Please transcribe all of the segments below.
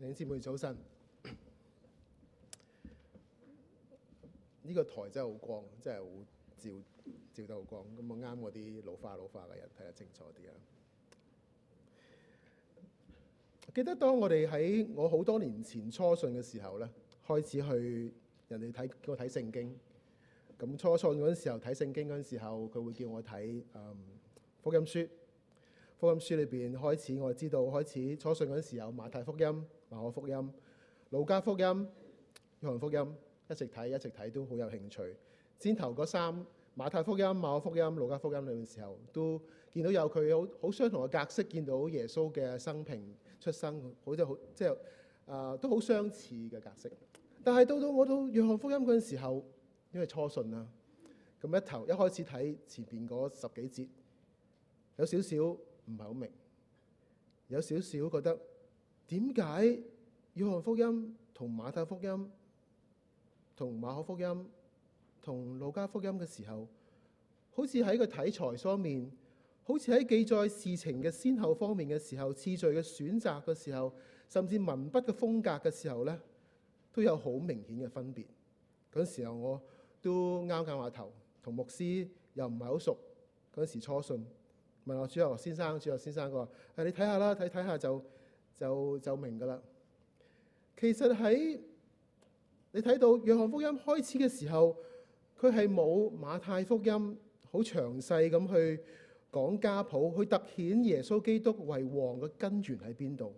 女士們早晨，呢、呢個台真係好光，真係好照照得好光，咁我啱我啲老花老花嘅人睇得清楚啲啊！記得，當我哋喺我好多年前初信嘅時候咧，開始去人哋睇叫我睇聖經。咁初初嗰陣時候睇聖經嗰陣時候，佢會叫我睇嗯福音書。福音書裏邊開始，我哋知道開始初信嗰陣時有馬太福音。馬可福音、路加福音、約翰福音，一直睇一直睇都好有興趣。先頭嗰三馬太福音、馬可福音、路加福音裡面時候，都見到有佢好好相同嘅格式，見到耶穌嘅生平、出生，好似好即係啊，都好相似嘅格式。但係到到我到約翰福音嗰陣時候，因為初信啦，咁一頭一開始睇前邊嗰十幾節，有少少唔係好明，有少少覺得。點解《約翰福音》同《馬太福音》同《馬可福音》同《路加福音》嘅時候，好似喺個題材方面，好似喺記載事情嘅先後方面嘅時候，次序嘅選擇嘅時候，甚至文筆嘅風格嘅時候咧，都有好明顯嘅分別。嗰陣時候，我都啱啱話頭，同牧師又唔係好熟。嗰陣時初信問我：主日學先生，主日學先生，佢話誒，你睇下啦，睇睇下就。就就明㗎喇。其實喺你睇到約翰福音開始嘅時候，佢係冇馬太福音好詳細咁去講家譜，去突顯耶穌基督為王嘅根源喺邊度，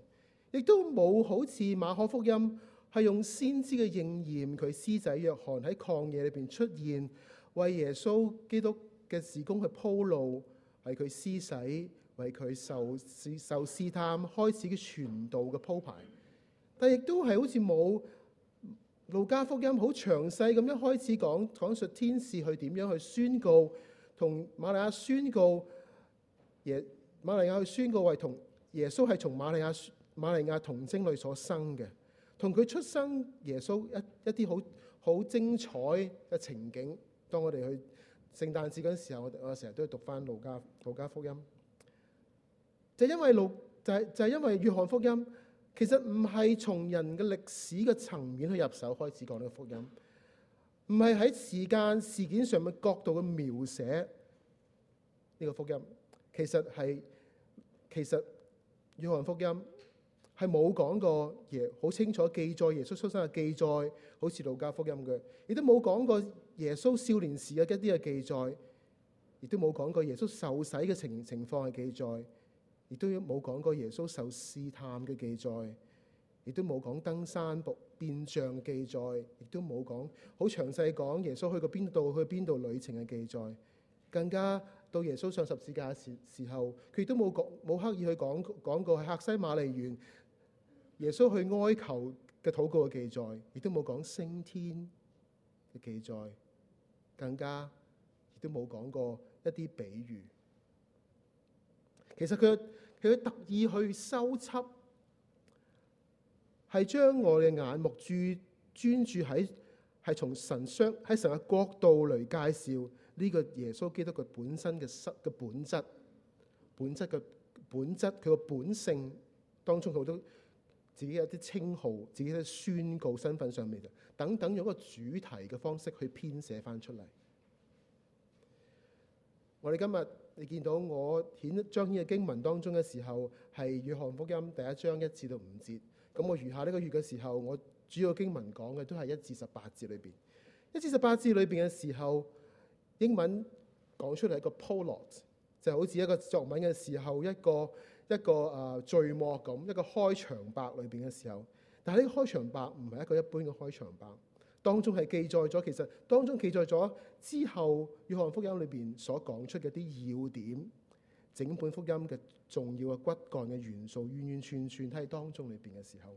亦都冇好似馬可福音係用先知嘅應驗，佢施洗約翰喺曠野裏邊出現，為耶穌基督嘅事工去鋪路，係佢施洗。為佢受受試探開始嘅傳道嘅鋪排，但亦都係好似冇路加福音好詳細咁一開始講講述天使去點樣去宣告，同瑪利亞宣告耶瑪利亞去宣告，為同耶穌係從瑪利亞瑪利亞童貞裡所生嘅，同佢出生耶穌一一啲好好精彩嘅情景。當我哋去聖誕節嗰陣時候，我我成日都要讀翻路加路加福音。就因為路就係就係因為約翰福音其實唔係從人嘅歷史嘅層面去入手開始講呢個福音，唔係喺時間事件上面角度嘅描寫呢個福音。其實係其實約翰福音係冇講過耶好清楚記載耶穌出生嘅記載，好似路加福音嘅，亦都冇講過耶穌少年時嘅一啲嘅記載，亦都冇講過耶穌受洗嘅情情況嘅記載。亦都冇講過耶穌受試探嘅記載，亦都冇講登山步變像記載，亦都冇講好詳細講耶穌去過邊度去邊度旅程嘅記載，更加到耶穌上十字架嘅時時候，佢亦都冇講冇刻意去講講過喺客西馬尼園耶穌去哀求嘅禱告嘅記載，亦都冇講升天嘅記載，更加亦都冇講過一啲比喻。其實佢。佢特意去修葺，係將我哋嘅眼目注專注喺係從神商喺神嘅角度嚟介紹呢個耶穌基督佢本身嘅失嘅本質。本質嘅本，本質、佢嘅本性當中好多自己有啲稱號、自己都宣告身、身份上面嘅等等，用一個主題嘅方式去編寫翻出嚟。我哋今日你見到我顯張呢嘅經文當中嘅時候，係《約翰福音》第一章一至到五節。咁我餘下呢個月嘅時候，我主要經文講嘅都係一至十八節裏邊。一至十八節裏邊嘅時候，英文講出嚟一個 plot，就好似一個作文嘅時候一個一個誒序幕咁，一個開場白裏邊嘅時候。但係呢個開場白唔係一個一般嘅開場白。當中係記載咗，其實當中記載咗之後，約翰福音裏邊所講出嘅啲要點，整本福音嘅重要嘅骨幹嘅元素，完完全全喺當中裏邊嘅時候。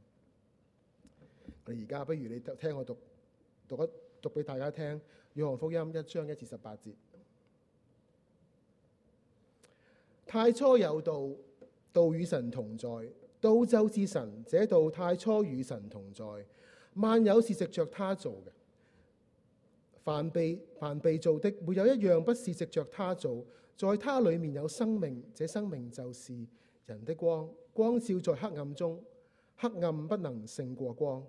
我而家不如你聽我讀，讀一讀俾大家聽，約翰福音一章一至十八節。節太初有道，道與神同在，道就是神，這道太初與神同在。萬有是藉着他做嘅，凡被凡被造的，沒有一樣不是藉着他做。在他裏面有生命，這生命就是人的光，光照在黑暗中，黑暗不能勝過光。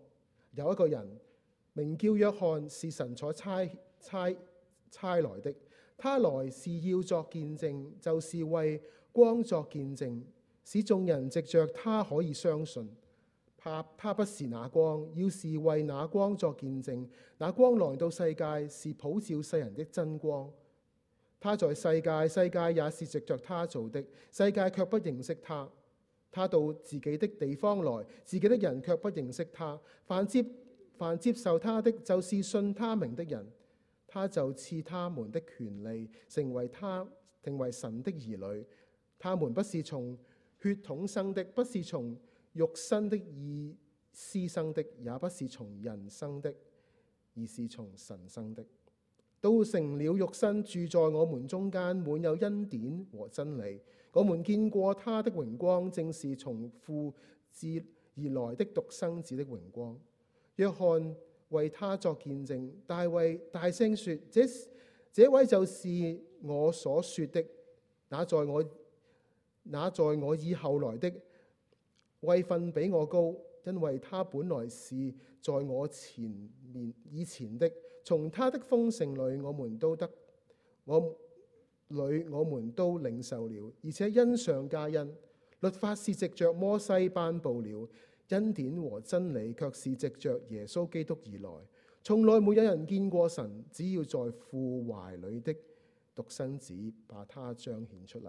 有一個人，名叫約翰，是神所差差差來的，他來是要作見證，就是為光作見證，使眾人藉著他可以相信。他不是那光，要是為那光作見證，那光來到世界是普照世人的真光。他在世界，世界也是藉着他做的，世界却不認識他。他到自己的地方來，自己的人却不認識他。凡接凡接受他的，就是信他名的人，他就賜他們的權利，成為他成為神的兒女。他們不是從血統生的，不是從肉身的意思生的，也不是從人生的，而是從神生的。都成了肉身，住在我們中間，滿有恩典和真理。我們見過他的榮光，正是從父而來的獨生子的榮光。約翰為他作見證，大衛大聲說：這這位就是我所說的，那在我那在我以後來的。位份比我高，因為他本來是在我前面以前的。從他的豐盛裏，我們都得我裏我們都領受了，而且恩上加恩。律法是藉着摩西頒布了，恩典和真理卻是藉着耶穌基督而來。從來沒有人見過神，只要在父懷裏的，的獨生子把他彰顯出嚟。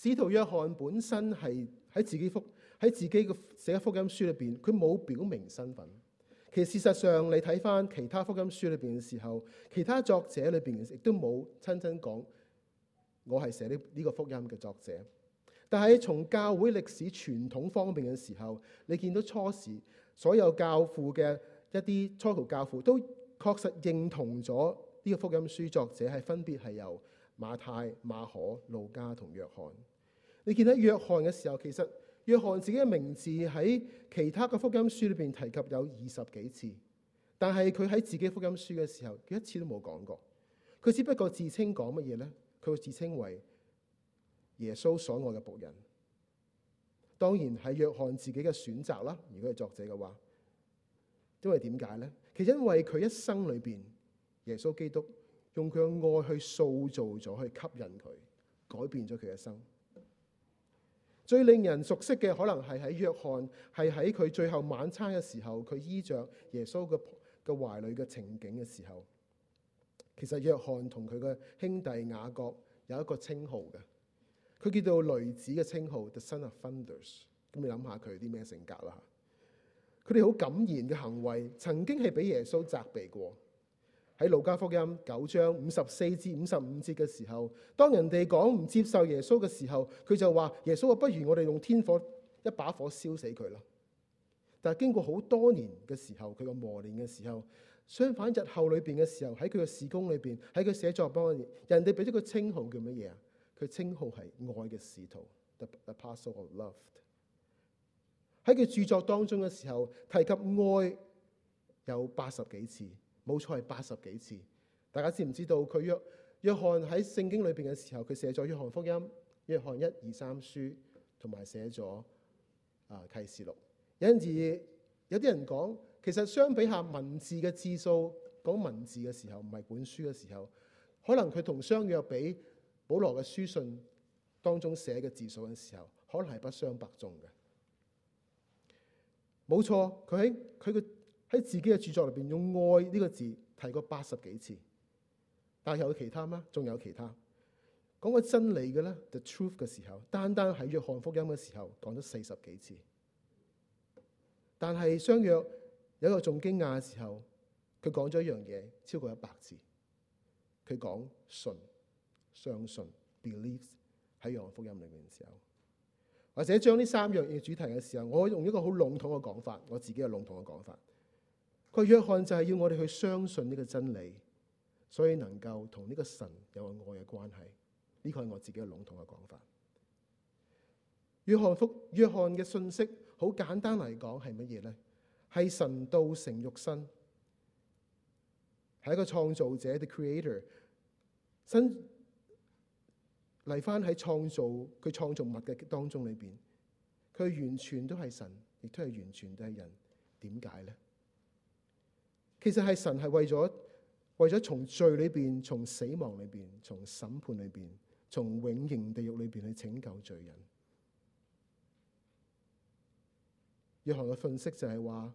使徒約翰本身係喺自己幅喺自己嘅寫一福音書裏邊，佢冇表明身份。其實事實上，你睇翻其他福音書裏邊嘅時候，其他作者裏邊亦都冇親親講我係寫呢呢個福音嘅作者。但係從教會歷史傳統方面嘅時候，你見到初時所有教父嘅一啲初頭教父都確實認同咗呢個福音書作者係分別係由。馬太、馬可、路加同約翰，你見到約翰嘅時候，其實約翰自己嘅名字喺其他嘅福音書裏邊提及有二十幾次，但係佢喺自己福音書嘅時候，佢一次都冇講過。佢只不過自稱講乜嘢咧？佢會自稱為耶穌所愛嘅僕人。當然係約翰自己嘅選擇啦，如果係作者嘅話，因為點解咧？其實因為佢一生裏邊耶穌基督。用佢嘅愛去塑造咗，去吸引佢，改變咗佢一生。最令人熟悉嘅可能係喺約翰，係喺佢最後晚餐嘅時候，佢依着耶穌嘅嘅懷裏嘅情景嘅時候。其實約翰同佢嘅兄弟雅各有一個稱號嘅，佢叫做雷子嘅稱號，The Sons of Thunder。咁你諗下佢有啲咩性格啦。佢哋好感言嘅行為，曾經係俾耶穌責備過。喺路加福音九章五十四至五十五節嘅時候，當人哋講唔接受耶穌嘅時候，佢就話，耶穌啊，不如我哋用天火一把火燒死佢啦。」但係經過好多年嘅時候，佢個磨練嘅時候，相反日後裏邊嘅時候，喺佢嘅事工裏邊，喺佢寫作當中，人哋俾咗個稱號叫乜嘢啊？佢稱號係愛嘅使徒，the apostle of love。喺佢著作當中嘅時候，提及愛有八十幾次。冇錯，係八十幾次。大家知唔知道佢約約翰喺聖經裏邊嘅時候，佢寫咗《約翰福音》、《約翰一二三書》，同埋寫咗《啊啟示錄》。有陣時有啲人講，其實相比下文字嘅字數，講文字嘅時候，唔係本書嘅時候，可能佢同相約比保羅嘅書信當中寫嘅字數嘅時候，可能係不相伯仲嘅。冇錯，佢喺佢嘅。喺自己嘅著作入邊用愛呢個字提過八十幾次，但係有其他咩？仲有其他講個真理嘅咧，the truth 嘅時候，單單喺約翰福音嘅時候講咗四十幾次。但係相約有一個仲驚訝嘅時候，佢講咗一樣嘢超過一百字。佢講信、相信、believe 喺約翰福音裏邊嘅時候，或者將呢三樣嘢主題嘅時候，我用一個好籠統嘅講法，我自己嘅籠統嘅講法。佢約翰就係要我哋去相信呢個真理，所以能夠同呢個神有個愛嘅關係，呢個係我自己嘅籠統嘅講法。約翰福約翰嘅信息好簡單嚟講係乜嘢咧？係神道成肉身，係一個創造者，the creator，新嚟翻喺創造佢創造物嘅當中裏邊，佢完全都係神，亦都係完全都係人，點解咧？其實係神係為咗為咗從罪裏邊、從死亡裏邊、從審判裏邊、從永刑地獄裏邊去拯救罪人。約翰嘅訊息就係話，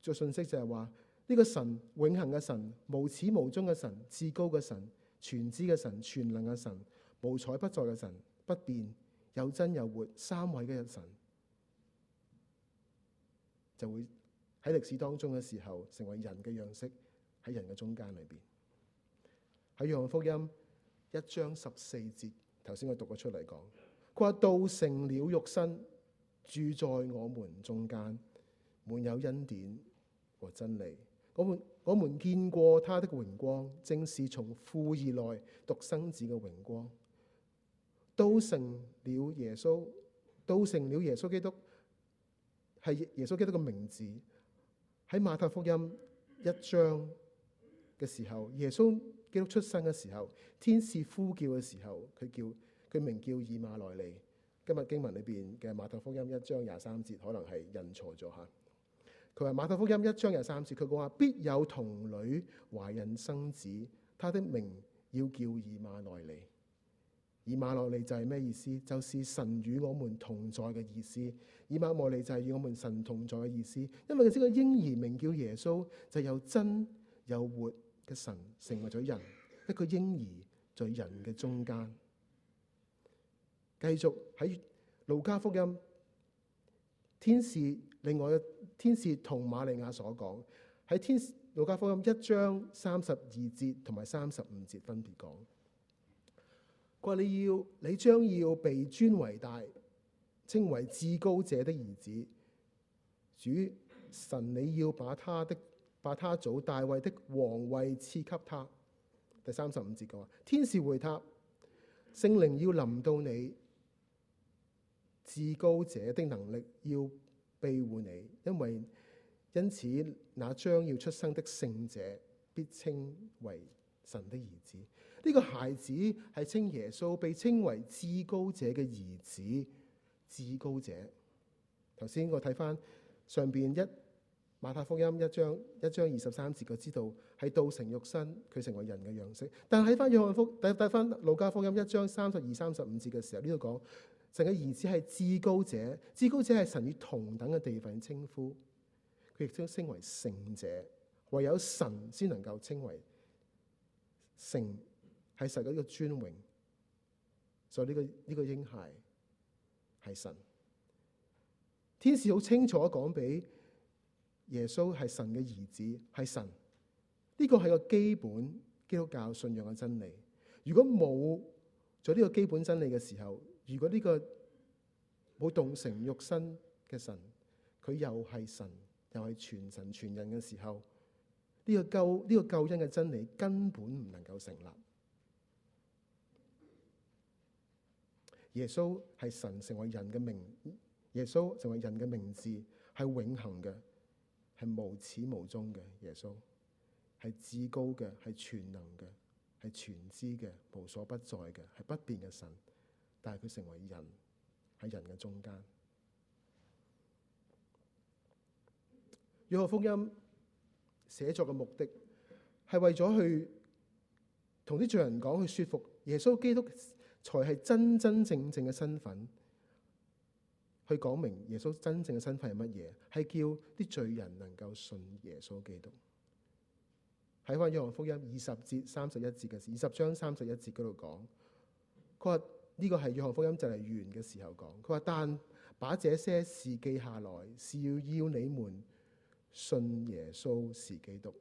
最訊息就係話呢個神永恆嘅神、無始無終嘅神、至高嘅神、全知嘅神、全能嘅神、無處不在嘅神、不變又真又活三位嘅一神就會。喺歷史當中嘅時候，成為人嘅樣式喺人嘅中間裏邊。喺約翰福音一章十四節，頭先我讀咗出嚟講，佢話道成了肉身，住在我們中間，滿有恩典和真理。我們我們見過他的榮光，正是從父而來獨生子嘅榮光。道成了耶穌，道成了耶穌基督，係耶穌基督嘅名字。喺馬太福音一章嘅時候，耶穌基督出生嘅時候，天使呼叫嘅時候，佢叫佢名叫以馬內利。今日經文裏邊嘅馬太福音一章廿三節，可能係印錯咗吓。佢話馬太福音一章廿三節，佢講話必有童女懷孕生子，他的名要叫以馬內利。以馬內利就係咩意思？就是神與我們同在嘅意思。以馬內利就係與我們神同在嘅意思。因為佢知，個嬰兒名叫耶穌，就有真有活嘅神成為咗人，一個嬰兒在人嘅中間。繼續喺路加福音，天使另外嘅天使同馬利亞所講，喺天使路加福音一章三十二節同埋三十五節分別講。佢話：你要，你將要被尊為大，稱為至高者的兒子。主神，你要把他的，把他祖大衛的王位賜給他。第三十五節講話，天使回答：聖靈要臨到你，至高者的能力要庇護你，因為因此那將要出生的聖者必稱為神的兒子。呢個孩子係稱耶穌，被稱為至高者嘅兒子，至高者。頭先我睇翻上邊一馬太福音一章一章二十三節佢知道，喺道成肉身，佢成為人嘅樣式。但係睇翻約翰福音，睇睇翻路加福音一章三十二三十五節嘅時候，呢度講神嘅兒子係至高者，至高者係神與同等嘅地份稱呼，佢亦都稱為聖者，唯有神先能夠稱為聖。係神嘅一個尊榮，所以呢個呢個嬰孩係神。天使好清楚講俾耶穌係神嘅兒子，係神。呢個係個基本基督教信仰嘅真理。如果冇咗呢個基本真理嘅時候，如果呢個冇道成肉身嘅神，佢又係神，又係全神全人嘅時候，呢個救呢個救恩嘅真理根本唔能夠成立。耶穌係神成為人嘅名，耶穌成為人嘅名字係永恒嘅，係無始無終嘅。耶穌係至高嘅，係全能嘅，係全知嘅，無所不在嘅，係不變嘅神。但係佢成為人喺人嘅中間。約翰福音寫作嘅目的係為咗去同啲罪人講，去說服耶穌基督。才係真真正正嘅身份，去講明耶穌真正嘅身份係乜嘢？係叫啲罪人能夠信耶穌基督。喺翻約翰福音二十節三十一節嘅事，二十章三十一節嗰度講，佢話呢個係約翰福音就係完嘅時候講。佢話但把這些事記下來，是要要你們信耶穌是基督，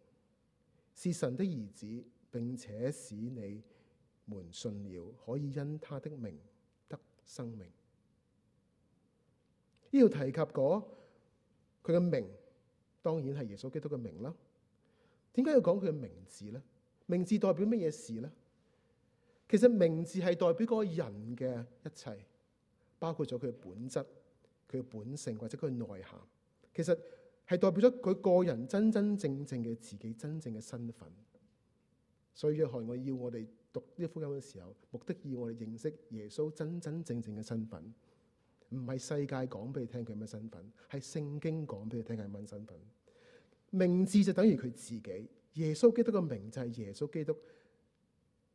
是神的兒子，並且使你。們信了，可以因他的名得生命。呢度提及嗰佢嘅名，當然係耶穌基督嘅名啦。點解要講佢嘅名字咧？名字代表乜嘢事咧？其實名字係代表嗰個人嘅一切，包括咗佢嘅本質、佢嘅本性或者佢嘅內涵。其實係代表咗佢個人真真正正嘅自己真正嘅身份。所以，約翰我要我哋。讀呢個福音嘅時候，目的要我哋認識耶穌真真正正嘅身份，唔係世界講俾你聽佢咩身份，係聖經講俾你聽係乜身份。名字就等於佢自己，耶穌基督嘅名就係耶穌基督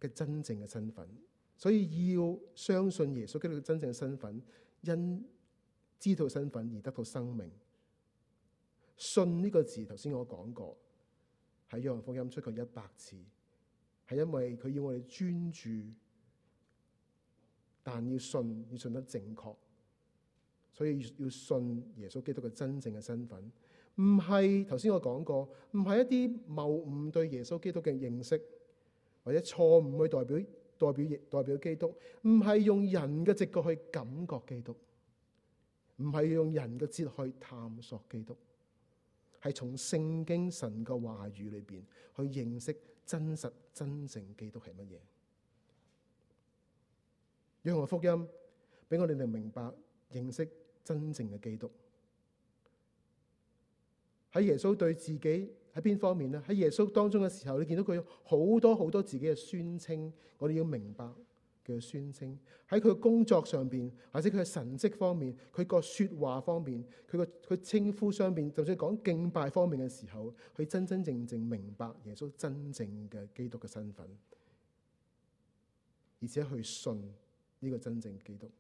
嘅真正嘅身份，所以要相信耶穌基督嘅真正身份，因知道身份而得到生命。信呢個字，頭先我講過，喺約翰福音出過一百次。係因為佢要我哋專注，但要信，要信得正確，所以要要信耶穌基督嘅真正嘅身份，唔係頭先我講過，唔係一啲謬誤對耶穌基督嘅認識，或者錯誤去代表代表亦代表基督，唔係用人嘅直覺去感覺基督，唔係用人嘅智慧去探索基督。係從聖經神嘅話語裏邊去認識真實真正基督係乜嘢？約翰福音俾我哋嚟明白認識真正嘅基督。喺耶穌對自己喺邊方面咧？喺耶穌當中嘅時候，你見到佢好多好多自己嘅宣稱，我哋要明白。嘅宣稱喺佢嘅工作上邊，或者佢嘅神跡方面，佢個説話方面，佢個佢稱呼上邊，就算、是、講敬拜方面嘅時候，佢真真正正正明白耶穌真正嘅基督嘅身份，而且去信呢個真正基督。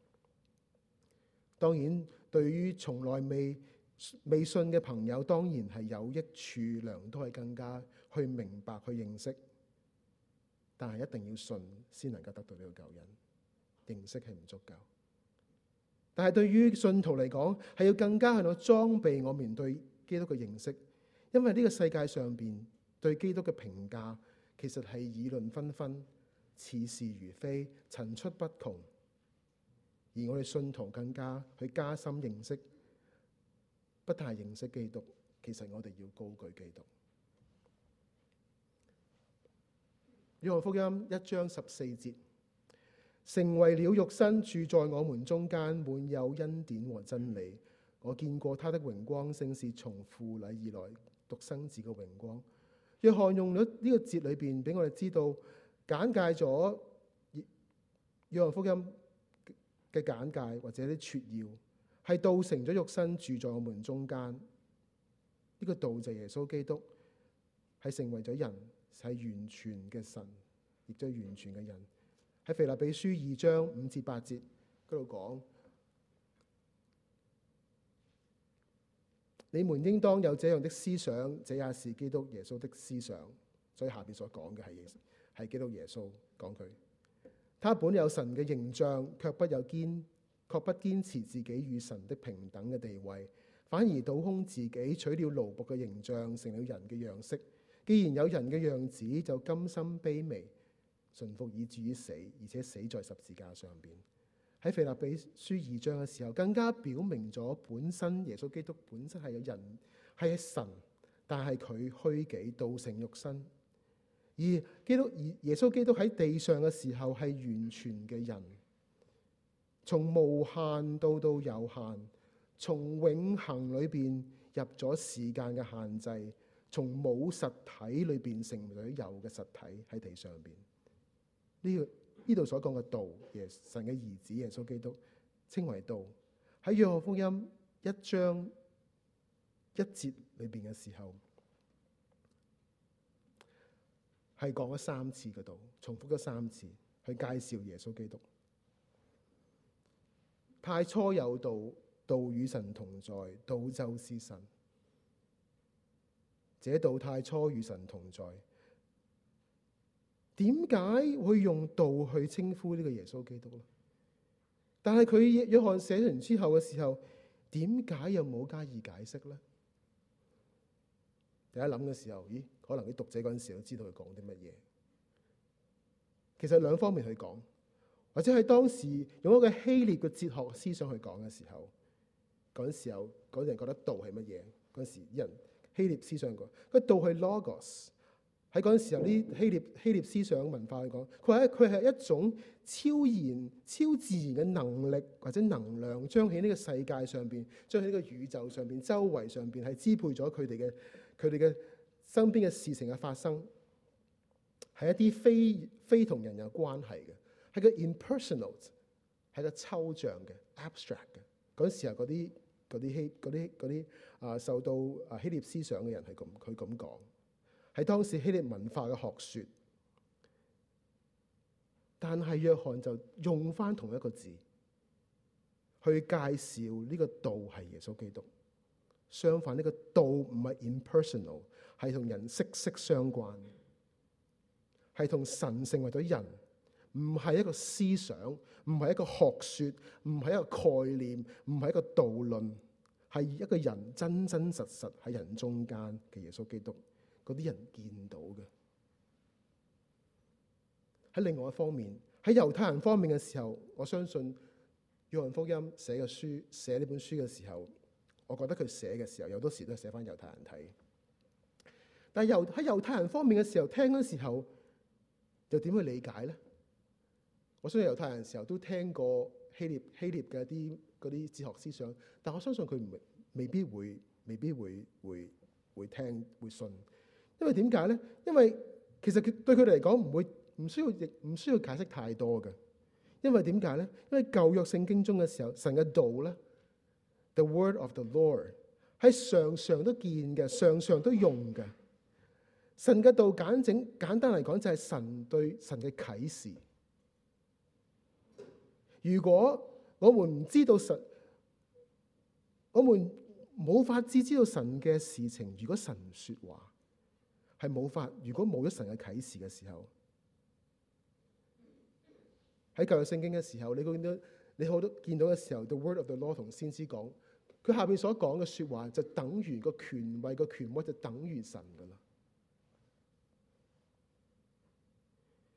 當然，對於從來未未信嘅朋友，當然係有益處良多，都係更加去明白去認識。但係一定要信先能夠得到呢個救恩，認識係唔足夠。但係對於信徒嚟講，係要更加喺度裝備我面對基督嘅認識，因為呢個世界上邊對基督嘅評價其實係議論紛紛、似是而非、層出不窮。而我哋信徒更加去加深認識，不太認識基督，其實我哋要高舉基督。約翰福音一章十四節，成為了肉身，住在我們中間，滿有恩典和真理。我見過他的榮光，正是從父那裏來，獨生子嘅榮光。約翰用咗呢個節裏邊，俾我哋知道簡介咗約翰福音嘅簡介或者啲撮要，係道成咗肉身，住在我們中間。呢、這個道就係耶穌基督，係成為咗人。係完全嘅神，亦都係完全嘅人。喺腓立比書二章五至八節嗰度講： 你們應當有這樣的思想，這也是基督耶穌的思想。所以下邊所講嘅係係基督耶穌講佢。他本有神嘅形象，卻不有堅，卻不堅持自己與神的平等嘅地位，反而倒空自己，取了奴僕嘅形象，成了人嘅樣式。既然有人嘅樣子，就甘心卑微，順服以至於死，而且死在十字架上邊。喺腓立比書二章嘅時候，更加表明咗本身耶穌基督本身係有人，係神，但係佢虛己道成肉身。而基督而耶穌基督喺地上嘅時候係完全嘅人，從無限到到有限，從永恒裏邊入咗時間嘅限制。從冇實體裏邊成為有嘅實體喺地上邊，呢個呢度所講嘅道，耶穌，神嘅兒子耶穌基督稱為道。喺約翰福音一章一節裏邊嘅時候，係講咗三次嘅道，重複咗三次去介紹耶穌基督。太初有道，道與神同在，道就是神。這道太初與神同在，點解會用道去稱呼呢個耶穌基督？但係佢約翰寫完之後嘅時候，點解又冇加以解釋咧？大家諗嘅時候，咦？可能啲讀者嗰陣都知道佢講啲乜嘢？其實兩方面去講，或者喺當時用一個希臘嘅哲學思想去講嘅時候，嗰陣時候嗰陣人覺得道係乜嘢？嗰陣時人。希臘思想個佢到去 logos 喺嗰陣時候，呢希臘希臘思想文化嚟講，佢係佢係一種超然、超自然嘅能力或者能量，將喺呢個世界上邊、將喺呢個宇宙上邊、周圍上邊係支配咗佢哋嘅佢哋嘅身邊嘅事情嘅發生，係一啲非非同人有關係嘅，係個 impersonal，係個抽象嘅 abstract 嘅嗰陣時候啲啲希啲嗰啲。啊，受到啊希臘思想嘅人係咁，佢咁講，係當時希臘文化嘅學説，但係約翰就用返同一個字去介紹呢個道係耶穌基督。相反，呢個道唔係 impersonal，係同人息息相關，係同神成為咗人，唔係一個思想，唔係一個學説，唔係一個概念，唔係一個道論。係一個人真真實實喺人中間嘅耶穌基督，嗰啲人見到嘅。喺另外一方面，喺猶太人方面嘅時候，我相信約翰福音寫嘅書，寫呢本書嘅時候，我覺得佢寫嘅時候，有多時都係寫翻猶太人睇。但係猶喺猶太人方面嘅時候聽嘅時候，又點去理解咧？我相信猶太人嘅時候都聽過希列希列嘅一啲。嗰啲哲學思想，但我相信佢唔未，未必會、未必會、會、會聽、會信，因為點解咧？因為其實佢對佢哋嚟講唔會唔需要亦唔需要解釋太多嘅。因為點解咧？因為舊約聖經中嘅時候，神嘅道咧，The Word of the Lord 係常常都見嘅，常常都用嘅。神嘅道簡整簡單嚟講就係神對神嘅啟示。如果我們唔知道神，我們冇法知知道神嘅事情。如果神唔說話，係冇法。如果冇咗神嘅啟示嘅時候，喺舊約聖經嘅時候，你見到你好多見到嘅時候，The Word of the Law 同先知講，佢下邊所講嘅說話就等於個權位，個權威就等於神噶啦。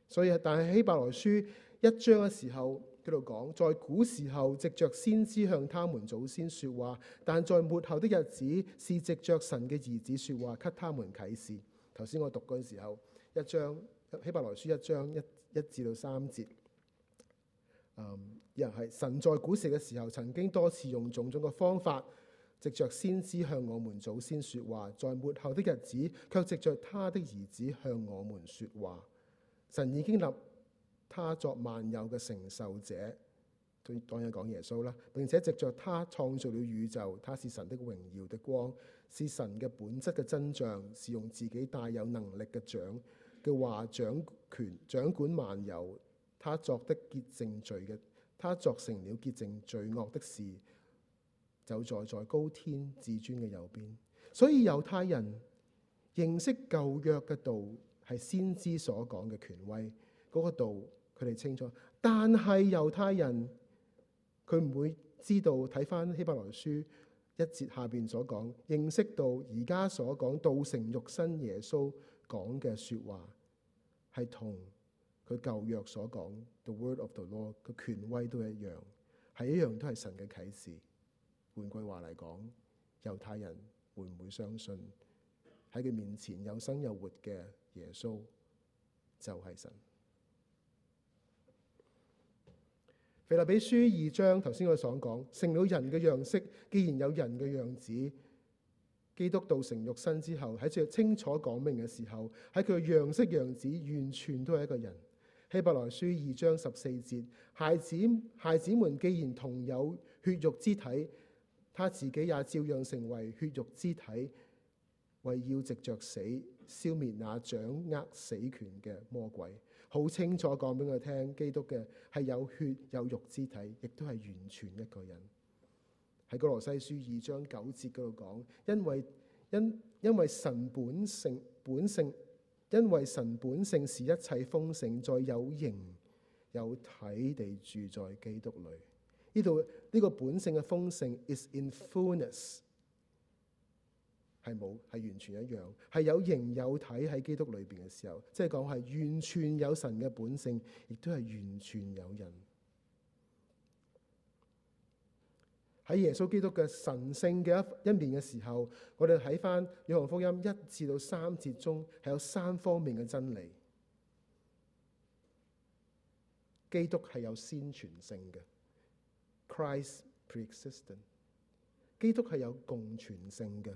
所以，但係希伯來書一章嘅時候。佢度講，在古時候藉着先知向他們祖先說話，但在末後的日子是藉着神嘅兒子說話，給他們啟示。頭先我讀嗰陣時候，一章希伯來書一章一一至到三節，嗯，人係神在古時嘅時候，曾經多次用種種嘅方法藉着先知向我們祖先說話，在末後的日子卻藉着他的兒子向我們說話。神已經立。他作萬有嘅承受者，當然講耶穌啦。並且藉着他創造了宇宙，他是神的榮耀的光，是神嘅本質嘅真像，是用自己帶有能力嘅掌嘅話，掌權掌管萬有。他作的潔淨罪嘅，他作成了潔淨罪惡的事，就在在高天至尊嘅右邊。所以猶太人認識舊約嘅道係先知所講嘅權威嗰個道。佢哋清楚，但係猶太人佢唔會知道，睇返希伯來書一節下邊所講，認識到而家所講道成肉身耶穌講嘅説話，係同佢舊約所講 The Word of the Law 嘅權威都一樣，係一樣都係神嘅啟示。換句話嚟講，猶太人會唔會相信喺佢面前有生有活嘅耶穌就係神？腓立比書二章，頭先我所講，成了人嘅樣式，既然有人嘅樣子，基督道成肉身之後，喺最清楚講明嘅時候，喺佢嘅樣式樣子，完全都係一個人。希伯來書二章十四節，孩子、孩子們既然同有血肉之體，他自己也照樣成為血肉之體，為要藉著死，消滅那掌握死權嘅魔鬼。好清楚講俾我聽，基督嘅係有血有肉之體，亦都係完全一個人。喺歌羅西書二章九節嗰度講，因為因為因為神本性本性，因為神本性是一切豐盛，在有形有體地住在基督裏。呢度呢個本性嘅豐盛 is in fullness。係冇，係完全一樣。係有形有體喺基督裏邊嘅時候，即係講係完全有神嘅本性，亦都係完全有人喺耶穌基督嘅神性嘅一一面嘅時候。我哋睇翻《約翰福音》一至到三節中，係有三方面嘅真理。基督係有先存性嘅，Christ pre-existent。Ent, 基督係有共存性嘅。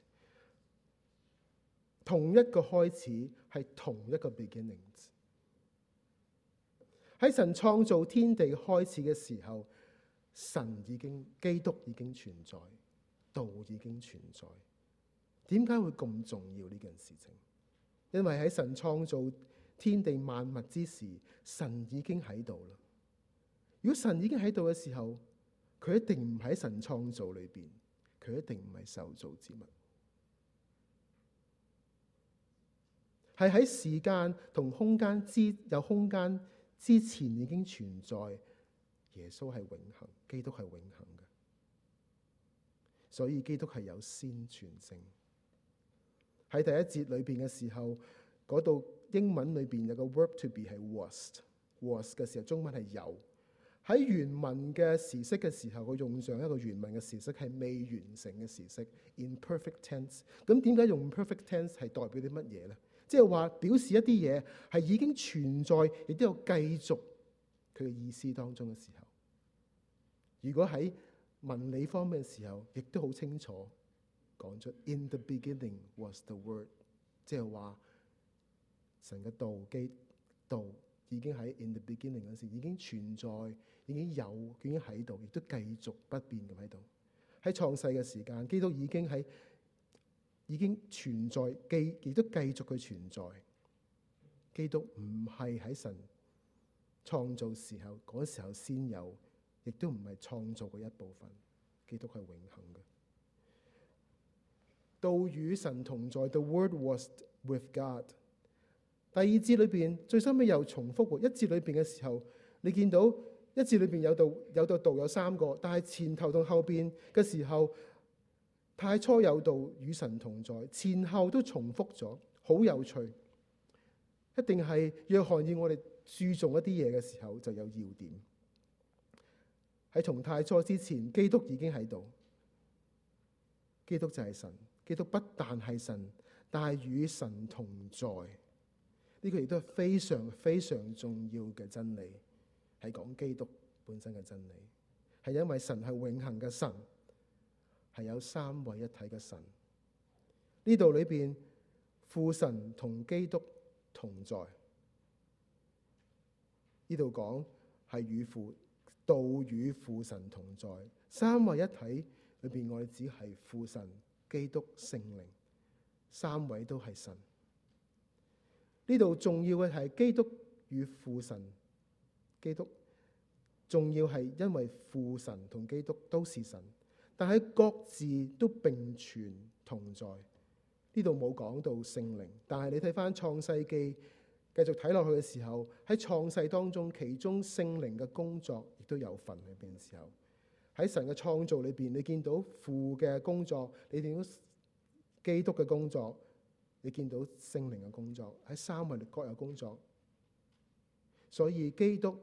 同一個開始係同一個 beginning。喺神創造天地開始嘅時候，神已經基督已經存在，道已經存在。點解會咁重要呢件事情？因為喺神創造天地萬物之時，神已經喺度啦。如果神已經喺度嘅時候，佢一定唔喺神創造裏邊，佢一定唔係受造之物。.係喺時間同空間之有空間之前已經存在。耶穌係永恆，基督係永恆嘅，所以基督係有先存性。喺第一節裏邊嘅時候，嗰、那、度、個、英文裏邊有個 work to be 係 w o r s t w o r s t 嘅時候，中文係有喺原文嘅時式嘅時候，佢用上一個原文嘅時式係未完成嘅時式 i n p e r f e c t tense）。咁點解用 perfect tense 係 per 代表啲乜嘢咧？即係話表示一啲嘢係已經存在，亦都有繼續佢嘅意思當中嘅時候。如果喺文理方面嘅時候，亦都好清楚講出。In the beginning was the word，即係話神嘅道、基道已經喺 In the beginning 嗰時已經存在，已經有，已經喺度，亦都繼續不變咁喺度。喺創世嘅時間，基督已經喺。已經存在，繼亦都繼續佢存在。基督唔係喺神創造時候嗰時候先有，亦都唔係創造嘅一部分。基督係永恆嘅。道與神同在，The Word was with God。第二節裏邊最收尾又重複一節裏邊嘅時候，你見到一節裏邊有道有道道有三個，但係前頭同後邊嘅時候。太初有道，與神同在，前後都重複咗，好有趣。一定係約翰要我哋注重一啲嘢嘅時候，就有要點。喺從太初之前，基督已經喺度，基督就係神，基督不但係神，但係與神同在。呢、這個亦都係非常非常重要嘅真理，係講基督本身嘅真理。係因為神係永恆嘅神。係有三位一體嘅神，呢度裏邊父神同基督同在，呢度講係與父道與父神同在，三位一體裏邊我哋只係父神、基督、聖靈，三位都係神。呢度重要嘅係基督與父神，基督重要係因為父神同基督都是神。但係各自都並存同在，呢度冇講到聖靈，但係你睇返創世記，繼續睇落去嘅時候，喺創世當中，其中聖靈嘅工作亦都有份裏邊嘅時候，喺神嘅創造裏邊，你見到父嘅工作，你見到基督嘅工作，你見到聖靈嘅工作，喺三位各有工作，所以基督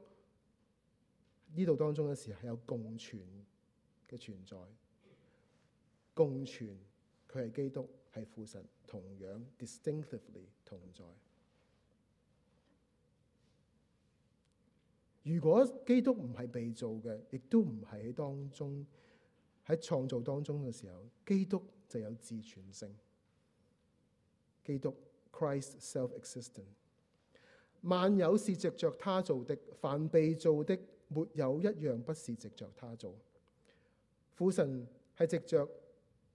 呢度當中嘅時候係有共存嘅存在。.共存，佢係基督，係父神，同樣 distinctively 同在。如果基督唔係被造嘅，亦都唔係喺當中喺創造當中嘅時候，基督就有自存性。基督 Christ self-existent，萬有是藉着他造的，凡被造的沒有一樣不是藉着他造。父神係藉着。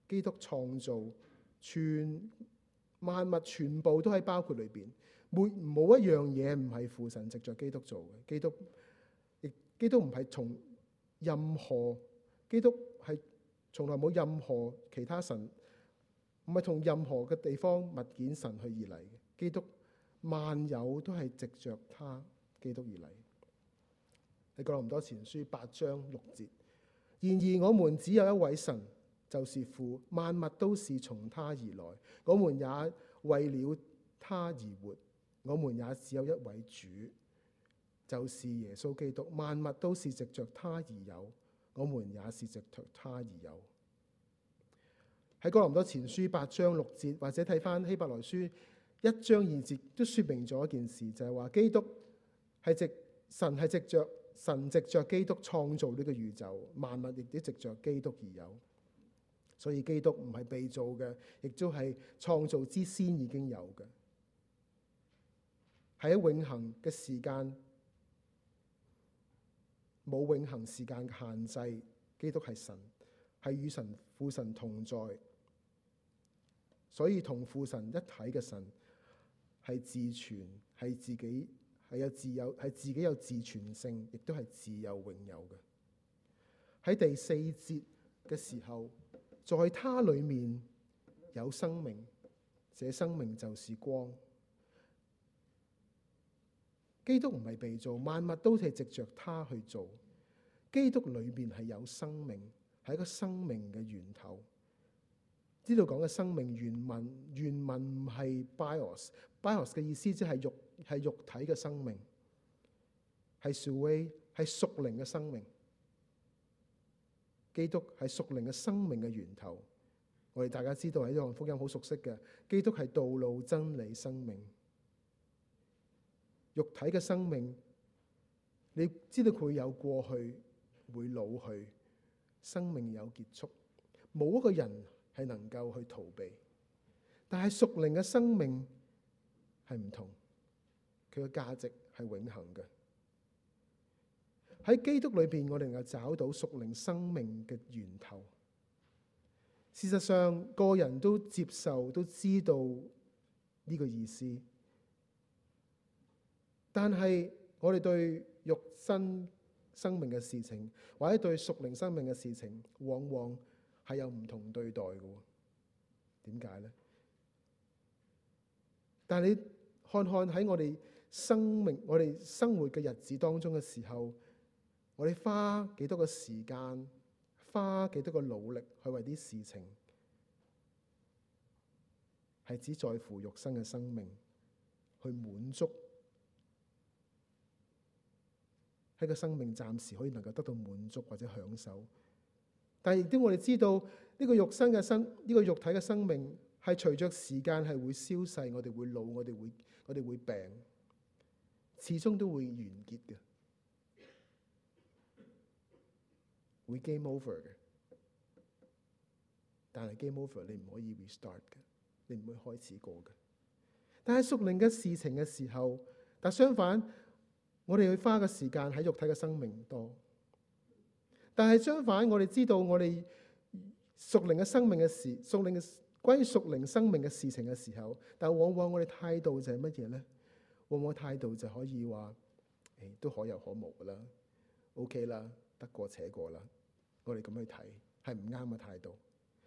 基督創造，全萬物全部都喺包括裏邊，沒冇一樣嘢唔係父神藉着基督做嘅。基督亦基督唔係從任何，基督係從來冇任何其他神，唔係從任何嘅地方物件神去而嚟嘅。基督萬有都係藉着他基督而嚟。你講哥林多前書八章六節，然而我們只有一位神。就是父，萬物都是從他而來，我們也為了他而活。我們也只有一位主，就是耶穌基督。萬物都是藉着他而有，我們也是藉著他而有。喺哥林多前書八章六節，或者睇返希伯來書一章二節，都説明咗一件事，就係話基督係藉神係藉着神藉着基督創造呢個宇宙，萬物亦都藉着基督而有。所以基督唔係被造嘅，亦都係創造之先已經有嘅，係喺永恆嘅時間，冇永恆時間嘅限制。基督係神，係與神父神同在，所以同父神一體嘅神係自存，係自己係有自有，係自己有自存性，亦都係自有永有嘅。喺第四節嘅時候。在他裏面有生命，這生命就是光。基督唔係被造，萬物都係藉着他去造。基督裏面係有生命，係一個生命嘅源頭。呢度講嘅生命原文，原文唔係 bios，bios 嘅意思即係肉係肉體嘅生命，係 zoe，係屬靈嘅生命。基督係屬靈嘅生命嘅源頭，我哋大家知道喺呢項福音好熟悉嘅。基督係道路、真理、生命。肉體嘅生命，你知道佢有過去，會老去，生命有結束。冇一個人係能夠去逃避，但係屬靈嘅生命係唔同，佢嘅價值係永恒嘅。喺基督裏邊，我哋能夠找到屬靈生命嘅源頭。事實上，個人都接受、都知道呢個意思，但係我哋對肉身生命嘅事情，或者對屬靈生命嘅事情，往往係有唔同對待嘅。點解呢？但係你看看喺我哋生命、我哋生活嘅日子當中嘅時候。我哋花幾多個時間，花幾多個努力去為啲事情，係只在乎肉身嘅生命，去滿足喺個生命暫時可以能夠得到滿足或者享受。但亦都我哋知道呢個肉身嘅生，呢個肉體嘅生命係隨着時間係會消逝，我哋會老，我哋會我哋會病，始終都會完結嘅。會 game over 嘅，但係 game over 你唔可以 restart 嘅，你唔會開始過嘅。但係屬靈嘅事情嘅時候，但相反，我哋會花嘅時間喺肉體嘅生命多。但係相反，我哋知道我哋屬靈嘅生命嘅事，屬靈嘅關於屬靈生命嘅事情嘅時候，但往往我哋態度就係乜嘢咧？往往態度就可以話，誒、哎、都可有可無噶啦，OK 啦。得過且過啦，我哋咁去睇係唔啱嘅態度。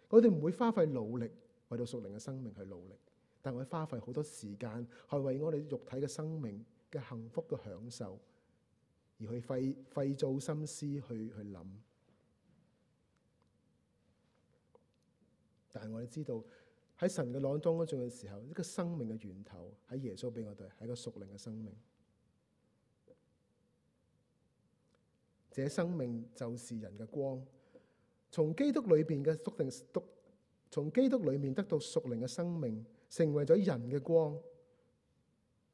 我哋唔會花費努力為到屬靈嘅生命去努力，但係我花費好多時間去為我哋肉體嘅生命嘅幸福嘅享受而去費費造心思去去諗。但係我哋知道喺神嘅攞當中嘅時候，呢、這個生命嘅源頭喺耶穌俾我哋，係一個屬靈嘅生命。這生命就是人嘅光，從基督裏邊嘅屬靈，從基督裏邊得到屬靈嘅生命，成為咗人嘅光，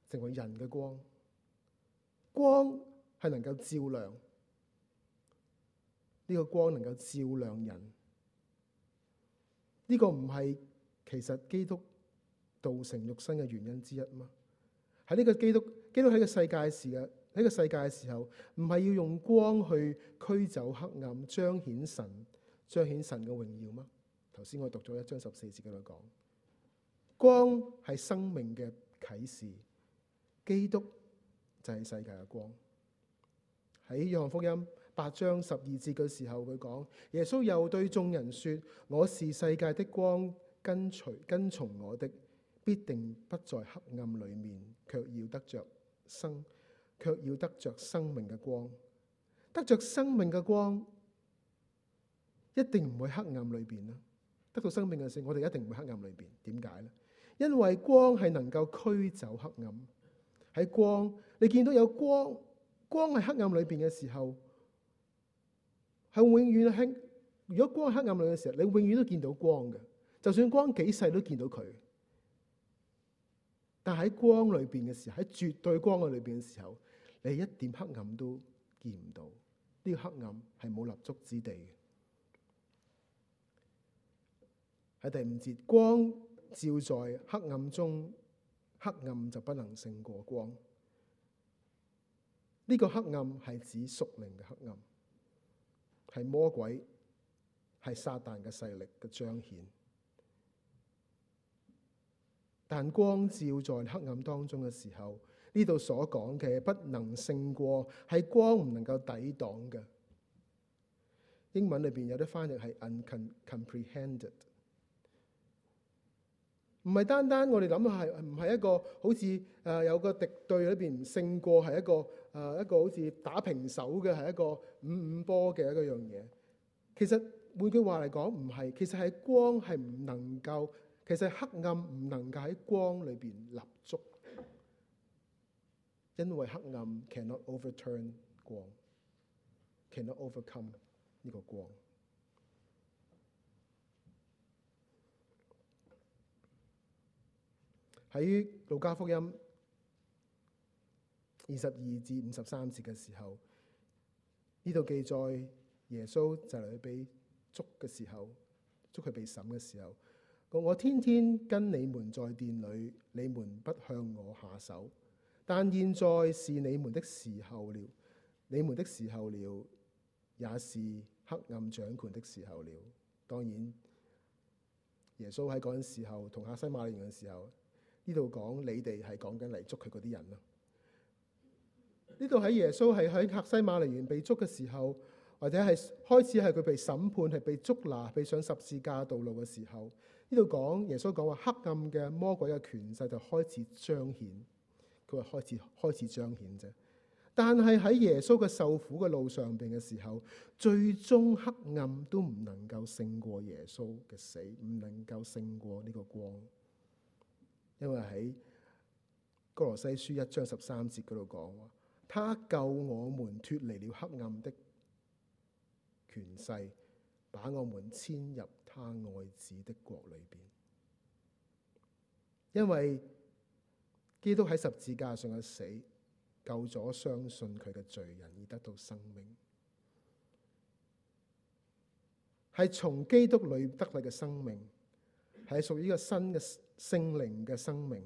成為人嘅光。光係能夠照亮呢個光，能夠照亮人。呢個唔係其實基督道成肉身嘅原因之一嘛？喺呢個基督基督喺個世界嘅時間。呢個世界嘅時候，唔係要用光去驅走黑暗，彰顯神、彰顯神嘅榮耀嗎？頭先我讀咗一章十四節嘅講，光係生命嘅啟示，基督就係世界嘅光。喺約翰福音八章十二節嘅時候，佢講耶穌又對眾人說：我是世界的光，跟隨跟從我的，必定不在黑暗裏面，卻要得着生卻要得着生命嘅光，得着生命嘅光，一定唔會黑暗裏邊啦。得到生命嘅性，我哋一定唔會黑暗裏邊。點解咧？因為光係能夠驅走黑暗。喺光，你見到有光，光喺黑暗裏邊嘅時候，係永遠喺。如果光喺黑暗裏嘅時候，你永遠都見到光嘅。就算光幾細都見到佢。但喺光裏邊嘅時候，喺絕對光嘅裏邊嘅時候。你一點黑暗都見唔到，呢個黑暗係冇立足之地嘅。喺第五節，光照在黑暗中，黑暗就不能勝過光。呢個黑暗係指屬靈嘅黑暗，係魔鬼、係撒旦嘅勢力嘅彰顯。但光照在黑暗當中嘅時候。呢度所講嘅不能勝過，係光唔能夠抵擋嘅。英文裏邊有啲翻譯係 uncomprehended，唔係單單我哋諗係唔係一個好似誒有個敵對裏邊勝過，係一個誒一個好似打平手嘅，係一個五五波嘅一個樣嘢。其實換句話嚟講唔係，其實係光係唔能夠，其實黑暗唔能夠喺光裏邊立足。因為黑暗 cannot overturn 光，cannot overcome 呢個光。喺《路加福音》二十二至五十三節嘅時候，呢度記載耶穌就嚟畀捉嘅時候，捉佢被審嘅時候，我天天跟你們在殿裏，你們不向我下手。但現在是你們的時候了，你們的時候了，也是黑暗掌權的時候了。當然，耶穌喺嗰陣時候，同客西馬尼園嘅時候，呢度講你哋係講緊嚟捉佢嗰啲人咯。呢度喺耶穌係喺客西馬尼園被捉嘅時候，或者係開始係佢被審判，係被捉拿，被上十字架道路嘅時候，呢度講耶穌講話黑暗嘅魔鬼嘅權勢就開始彰顯。佢話開始開始彰顯啫，但係喺耶穌嘅受苦嘅路上邊嘅時候，最終黑暗都唔能夠勝過耶穌嘅死，唔能夠勝過呢個光，因為喺哥羅西書一章十三節嗰度講話，他救我們脱離了黑暗的權勢，把我們遷入他愛子的國裏邊，因為。基督喺十字架上嘅死，救咗相信佢嘅罪人而得到生命。係從基督裏得嚟嘅生命，係屬於一個新嘅聖靈嘅生命。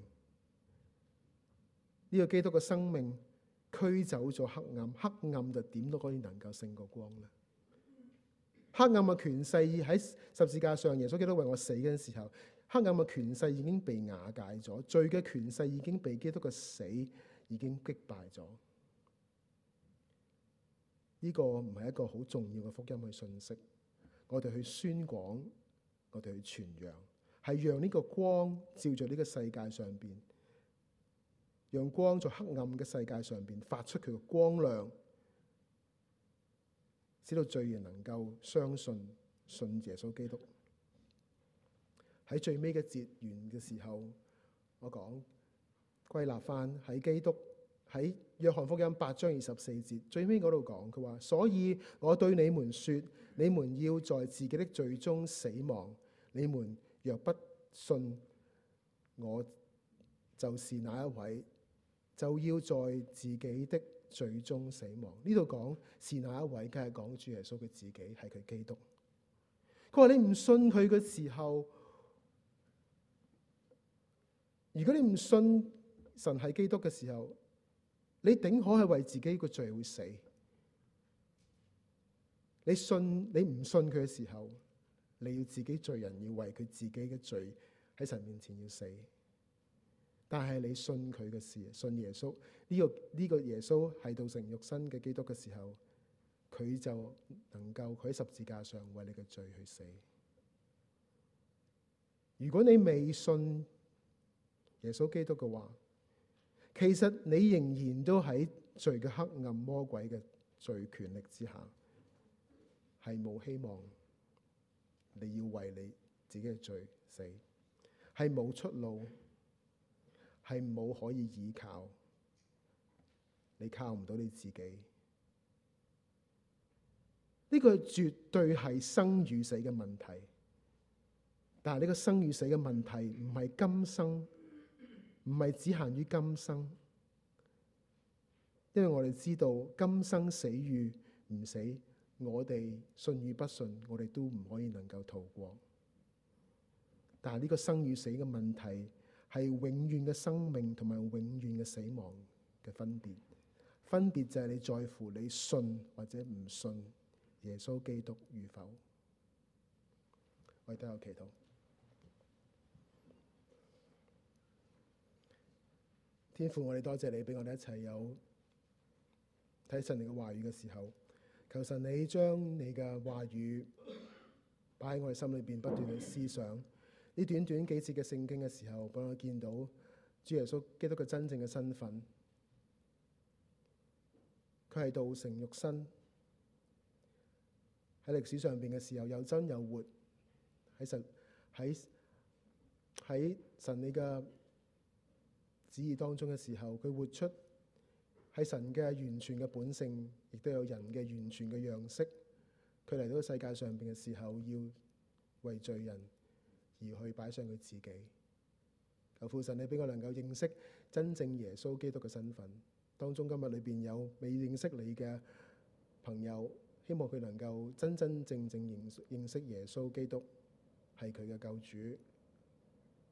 呢個基督嘅生命驅走咗黑暗，黑暗就點都可以能夠勝過光啦。黑暗嘅權勢喺十字架上，耶穌基督為我死嗰陣時候。黑暗嘅權勢已經被瓦解咗，罪嘅權勢已經被基督嘅死已經擊敗咗。呢、這個唔係一個好重要嘅福音去信息，我哋去宣講，我哋去傳揚，係讓呢個光照在呢個世界上邊，讓光在黑暗嘅世界上邊發出佢嘅光亮，使到罪人能夠相信信耶穌基督。喺最尾嘅節完嘅時候，我講歸納翻喺基督喺約翰福音八章二十四節最尾嗰度講，佢話：所以我對你們說，你們要在自己的罪中死亡。你們若不信我，就是那一位，就要在自己的罪中死亡。呢度講是哪一位，梗係講主耶穌嘅自己係佢基督。佢話：你唔信佢嘅時候。如果你唔信神係基督嘅時候，你頂可係為自己個罪會死。你信你唔信佢嘅時候，你要自己罪人要為佢自己嘅罪喺神面前要死。但係你信佢嘅事，信耶穌呢、呢個呢、呢個耶穌係道成肉身嘅基督嘅時候，佢就能夠佢喺十字架上為你嘅罪去死。如果你未信。耶穌基督嘅話，其實你仍然都喺罪嘅黑暗、魔鬼嘅罪權力之下，係冇希望。你要為你自己嘅罪死，係冇出路，係冇可以依靠。你靠唔到你自己。呢個絕對係生與死嘅問題。但係呢個生與死嘅問題唔係今生。唔係只限於今生，因為我哋知道今生死與唔死，我哋信與不信，我哋都唔可以能夠逃過。但係呢個生與死嘅問題，係永遠嘅生命同埋永遠嘅死亡嘅分別，分別就係你在乎你信或者唔信耶穌基督與否。我哋都有祈禱。天父，我哋多謝你俾我哋一齊有睇神你嘅話語嘅時候，求神你將你嘅話語擺喺我哋心裏邊，不斷去思想呢短短幾節嘅聖經嘅時候，幫我見到主耶穌基督佢真正嘅身份，佢係道成肉身喺歷史上邊嘅時候有真有活喺神喺喺神你嘅。旨意當中嘅時候，佢活出喺神嘅完全嘅本性，亦都有人嘅完全嘅樣式。佢嚟到世界上邊嘅時候，要為罪人而去擺上佢自己。求父神，你俾我能夠認識真正耶穌基督嘅身份。當中今日裏邊有未認識你嘅朋友，希望佢能夠真真正正認識耶穌基督係佢嘅救主，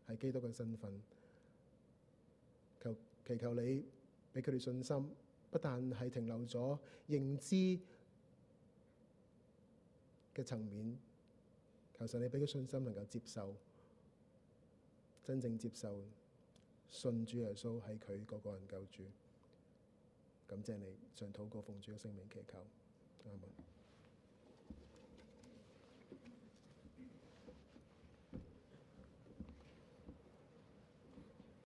係基督嘅身份。求祈求你俾佢哋信心，不但係停留咗認知嘅層面，求神你俾佢信心能夠接受，真正接受信主耶穌係佢個個人救主。感謝你上禱過奉主嘅聖名祈求啱。Amen.